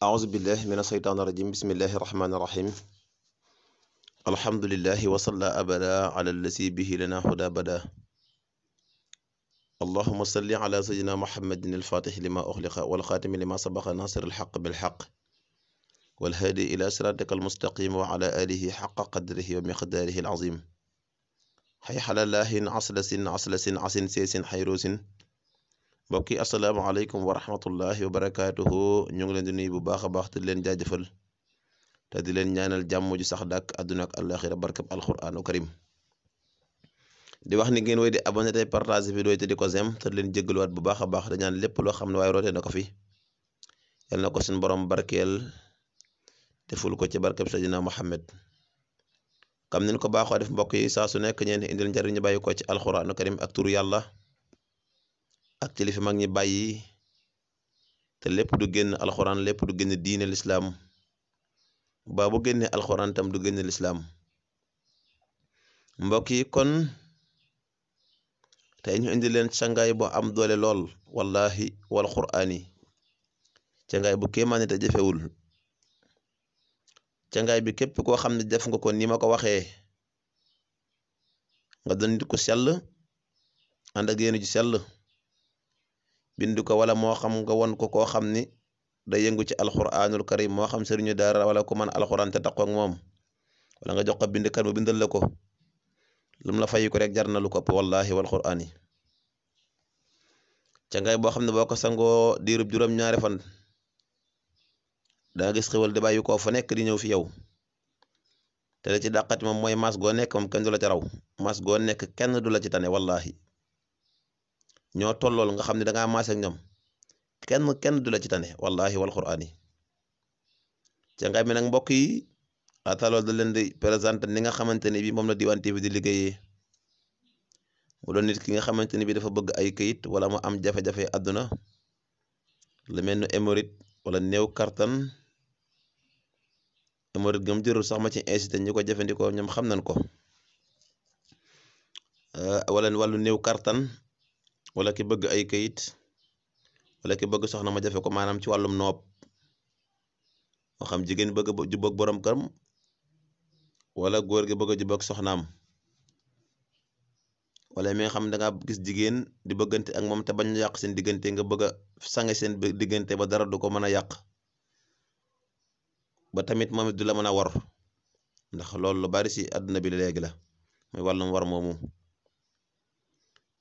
aousubillah min asheytaan irajim bismillahi irahmaani irahim alhamdulilahi wasalla abada ala lasi bihi lana huda bada allahuma salli ala sayidina mohammadin alfatixi lima oxliqa walxaatimi lima sabaqa nasir alxaq bilxaq walhaadi ila siratika almustaqim wa ala alihi xaqa qadrihi wa miqdaarihi alazim xay xala laahin aslasin aslasin asin seesin xayrosin mbokk yi asalaamaaleykum wa rahmatullahi wa barakaatuhu ñu ngi leen di nuyu bu baax a baax te di leen jaajëfal te di leen ñaanal jàmm ju sax dàkk àdduna ak àllaaxira barkab alquraanu karim di wax ni ngeen way di abonné tey partage vidéo te ko zem te di leen jégaluwaat bu baax a baax dañaan lépp loo xam ne waaye rootee na ko fi yal na ko suñu borom barkeel deful ko ci barkab Sayyidina Muhammad kam ni ko baaxoo def mbokk yi saa su nekk ñeen indil njariñ bàyyi ko ci alquraanu karim ak yàlla. ak ci li fi mag ñi bàyyi te lépp du génn alxuraan lépp du génn diine lislaam baa bu génne tam du génn lislaam mbokk yi kon tey ñu indi leen cangaay bu am doole lool wallahi wal qur'aani cangaay bu kéemaane te jafewul cangaay bi képp koo xam ne def nga ko ni ma ko waxee nga doon nit ku sell ànd ju sell bind ko wala moo xam nga won ko koo xam ni day yëngu ci alquranul karim moo xam sëriñu daara wala ku man alquran te taqoo ak moom wala nga jox ko bindkat mu bindal la ko lu mu la fay ko rek jar na ko ëpp wallaahi wal quraan yi boo xam ne boo ko sangoo diirub juróom-ñaari fan daa gis xéwal di bàyyi ko fa nekk di ñëw fi yow te la ci dàqati moom mooy mas goo nekk moom kenn du la ci raw mas goo nekk kenn du la ci tane wallaahi ñoo tollool nga xam ne danga ngaa maase ak ñoom kenn kenn du la ci tane wallahi wal quraan yi ca nga mi nag mbokk yi atalool da leen di présenté ni nga xamante ni bi moom la Diwane TV di liggéeyee bu doon nit ki nga xamante ni bi dafa bëgg ay kayit wala mu am jafe-jafe àdduna lu mel ni hémorroïde wala néew kartan hémorroïde gam sax ma ci incité ñi ko jëfandikoo ñoom xam nañ ko euh, wala wàllu néew kartan wala ki bëgg ay kayit wala ki bëgg soxna ma jafe ko maanaam ci wàllum noob moo xam jigéen bëgg a jubboog borom wala góor gi bëgg a jubboog soxnaam wala mi nga xam danga gis jigéen di bëggante ak moom te bañ a yàq seen diggante nga bëgg a seen diggante ba dara du ko mën a yàq ba tamit moom it du la mën a war ndax loolu lu bari si àdduna bi léegi la muy wàllum war moomu.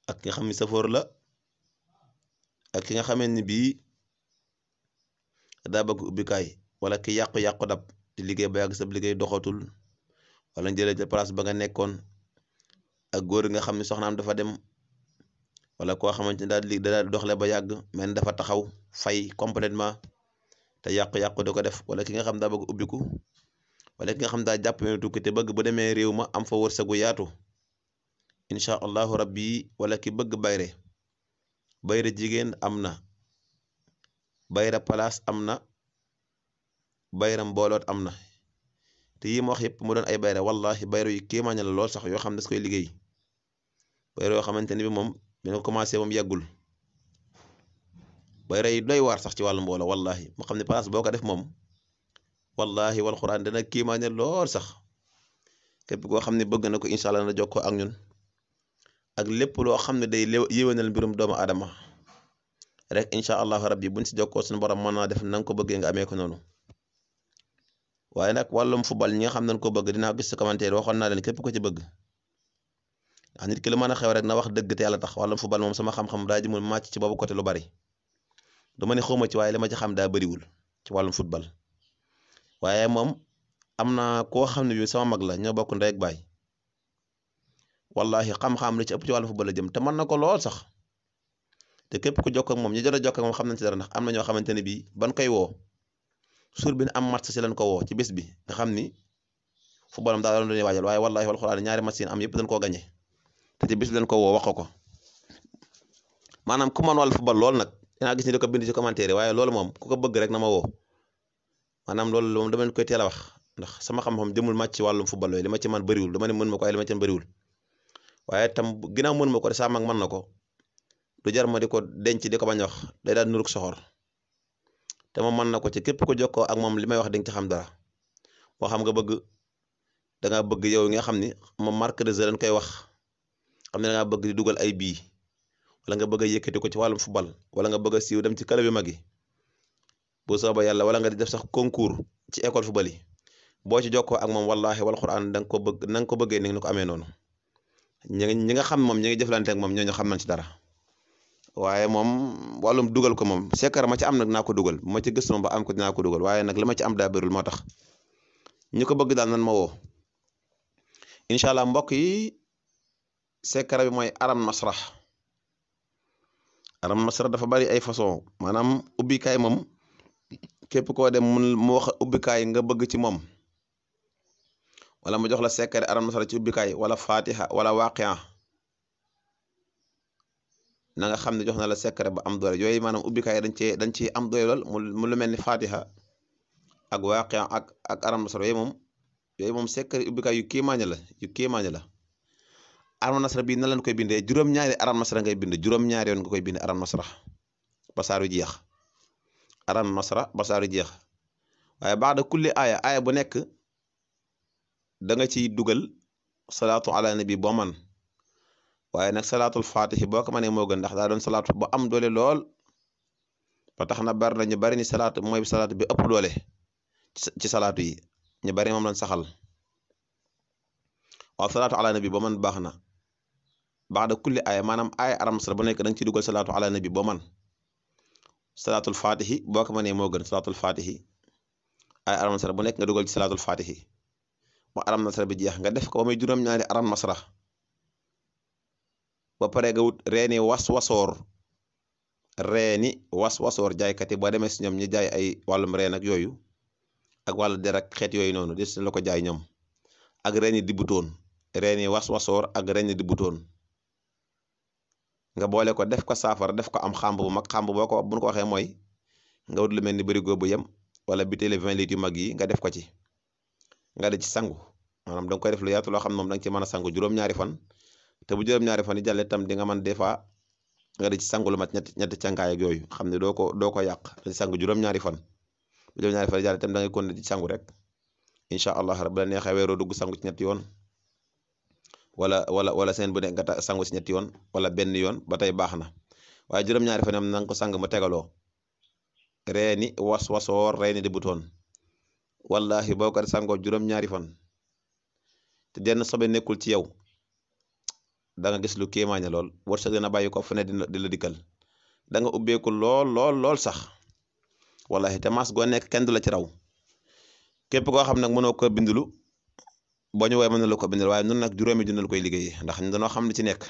ak ki nga xam ni safoor la ak ki nga xamee ni bii daa bëgg ubbikaay wala ki yàqu-yàqu dab di liggéey ba yàgg sab liggéey doxatul wala njëlee ca place ba nga nekkoon ak góor gi nga xam ne soxnaam dafa dem wala koo xamante ni daal di daal di doxalee ba yàgg men dafa taxaw fay complètement te yaq yàqu da ko def wala ki nga xam daa bëgg ubbiku wala ki nga xam daa jàpp ne tukki te bëgg bu demee réew ma am fa wërsëgu yaatu incha allahu rabbi wala ki bëgg bayre bayre jigéen am na bayra palaas am na bayra mbooloot am na te yi ma wax yëpp mu doon ay bayra wallahi bayra yu kéemaañ la lool sax yoo xam ne das koy liggéey bayra yoo xamante ni bi moom dina ko commencé moom yagul bayra yi doy waar sax ci wàllu mbooloo wallahi moo xam ne palaas boo ko def moom wallahi wal quran dana kéemaañ lool sax képp koo xam ne bëgg na ko incha allah na jokkoo ak ñun ak lépp loo xam ne day yéwénal mbirum doomu aadama rek incha allahu rabbi buñ si jokkoo suñu borom mën naa def na ko bëggee nga amee ko noonu waaye nag wàllum football ñi nga xam nañ ko bëgg dinaa gis si commentaire waxoon naa leen képp ko ci bëgg ndax nit ki lu mën a xew na wax dëgg te yàlla tax wàllum football moom xam-xam daa jëmul màcc ci boobu côté lu bari du ma ne xawma ci waaye li ci xam daa bariwul ci wàllum football waaye moom am na ko xam ne bi sama mag la ñoo bokku ndey ak baay wallahi xam-xam li ci ëpp ci wàllu football la jëm te mën na ko lool sax te képp ku jokk moom ñi jot a jokk ak moom xam na ci dara ndax am na ñoo xamante ne bii ban koy woo suur bi am mat si lañ ko woo ci bés bi nga xam ni footballam daal doon dañuy waajal waaye wallahi wal xuraan ñaari match yi am yëpp dañ koo gañe te ci bés ko woo wax ko maanaam ku mën wàllu football lool nag dinaa gis ni ko bind ci commentaire moom ku ko bëgg rek na ma woo maanaam loolu moom dama leen koy teel a wax ndax sama xam-xam jëmul match ci wàllum football yooyu li ma ci man bëriwul dama ne mën ma ko ay li ma ci waaye tam ginnaaw mën ma ko de saa mag mën na ko du jar ma di ko denc di ko bañ wax day daal nuruk soxor te moom mën na ko ci képp ko jokkoo ak moom li may wax di xam dara moo xam nga bëgg danga bëgg yow nga xam ni moom marque de lañ koy wax xam ne danga bëgg dugal ay bii wala nga bëgg a yëkkati ko ci wàllum football wala nga bëgg a dem ci club yu mag yi bu soobee yàlla wala nga di def sax concours ci école football yi boo ci jokkoo ak moom wallahi wal quran da nga ko bëgg na ko bëggee ni nga ko amee noonu ñi ñi nga xam moom ñi ngi jëflante ak moom ñooñu xam nañ ci dara waaye moom wàllum dugal ko moom sekkar ma ci am nag naa ko dugal ma ci gëstu moom ba am ko dinaa ko dugal waaye nag li ma ci am daa bërul moo tax ñi ko bëgg daal nan ma woo incha allah mbokk yi sekkara bi mooy aram masrax aram masrax dafa bari ay façon maanaam ubbikaay moom képp koo dem mun mu wax ubbikaay nga bëgg ci moom wala mu jox la sekkare aram nasara ci ubbikaay wala fatiha wala waaqia na xam ne jox na la sekkare ba am doole yooyu maanaam ubbikaay dañ cee dañ ciy am doole lool mu lu mel ni fatiha ak waaqia ak ak aram nasara yooyu moom yooyu moom sekkare ubbikaay yu kéemaañe la yu kéemaañe la aram nasara bii na lan koy bindee juróom-ñaari aram nasara ngay bind juróom-ñaari koy bind aram nasara basaaru jeex jeex waaye baax da kulli aaya aaya bu nekk da nga ciy dugal salaatu ala nabi boo man waaye nag salaatul fatihi boo ko mënee moo gën ndax daa doon salaatu bu am doole lool ba tax na bari na ñu bari ni salaatu mooy salaatu bi ëpp doole ci salaatu yi ñu bari moom lañ saxal waaw salaatu ala nabi boo man baax na baax da kulli aaya maanaam aaya aram sala bu nekk da nga ciy dugal salaatu ala nabi boo man salaatul fatihi boo ko mënee moo gën salaatul fatihi aaya aram sala bu nekk nga dugal ci salaatul fatihi mu aram bi jeex nga def ko ba muy juróom-ñaari ba pare nga wut reeni was wasoor reeni was wasoor jaaykat yi boo demee si ñoom ñi jaay ay wàllum reen ak yooyu ak wàllu der xeet yooyu noonu des na la ko jaay ñoom ak reeni dibutoon reeni was wasoor ak reeni dibutoon nga boole ko def ko saafara def ko am xàmb bu mag xàmb boo ko bu ñu ko waxee mooy nga wut lu mel ni barigo bu yem wala butéeli vingt yu mag yi nga def ko ci nga di ci sangu maanaam da koy def lu yaatu loo xam ne moom da nga ci mën a sangu juróom-ñaari fan te bu juróom-ñaari fan yi jàllee tam di nga mën des nga di ci sangu lu mat ñetti ñetti càngaay ak yooyu xam ne doo ko doo yàq da sangu juróom-ñaari fan bu juróom-ñaari fan tam da ngay continuer di sangu incha allah rabbi la neexee weeroo dugg sangu ci ñetti yoon wala wala wala seen bu ne nga sangu ci ñetti yoon wala benn yoon ba tey baax na waaye juróom-ñaari fan yi na ko sang ma tegaloo reeni was wasoor reeni di butoon wallahi boo ko sangoo juróom-ñaari fan te denn sobe nekkul ci yow da nga gis lu kéemaaña lool wërsëg na bàyyi ko fu ne di la dikkal da ubbeeku lool lool lool sax wala te mas goo nekk kenn la ci raw ké koo xam nag mënoo ko bindulu boo ñu woowee mën na la ko bindal waaye nun nag juróomi junni la koy liggéeyee ndax ñu dañoo xam li ci nekk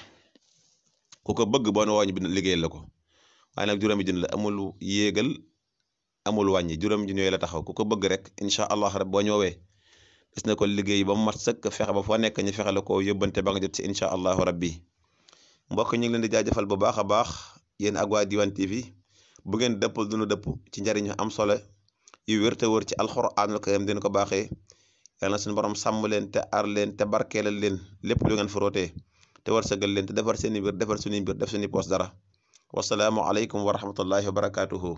ku ko bëgg boo ñu woo ñu bind liggéeyal la ko waaye nag juróomi junni la amul yéegal amul wàññi juróomi junni yooyu la taxaw ku ko bëgg rek incha allah rek boo ñu des na ko liggéey ba mu mat sëkk fexe ba foo nekk ñu fexe la ko yóbbante ba nga jot ci incha allahu rabbi mbokk ñu ngi leen di jaajëfal bu baax a baax yéen a waa Diwane TV bu ngeen dëppal duñu dëpp ci njariñ am solo yu wér te wër ci alxuraanul karim den ko baaxee yàlla na suñu borom sàmm leen te aar leen te barkeelal leen lépp lu ngeen frootee te warsagal leen te defar seen i mbir defar suñuy mbir def suñuy poos dara wasalaamu aleykum wa rahmatullahi wa barakaatuhu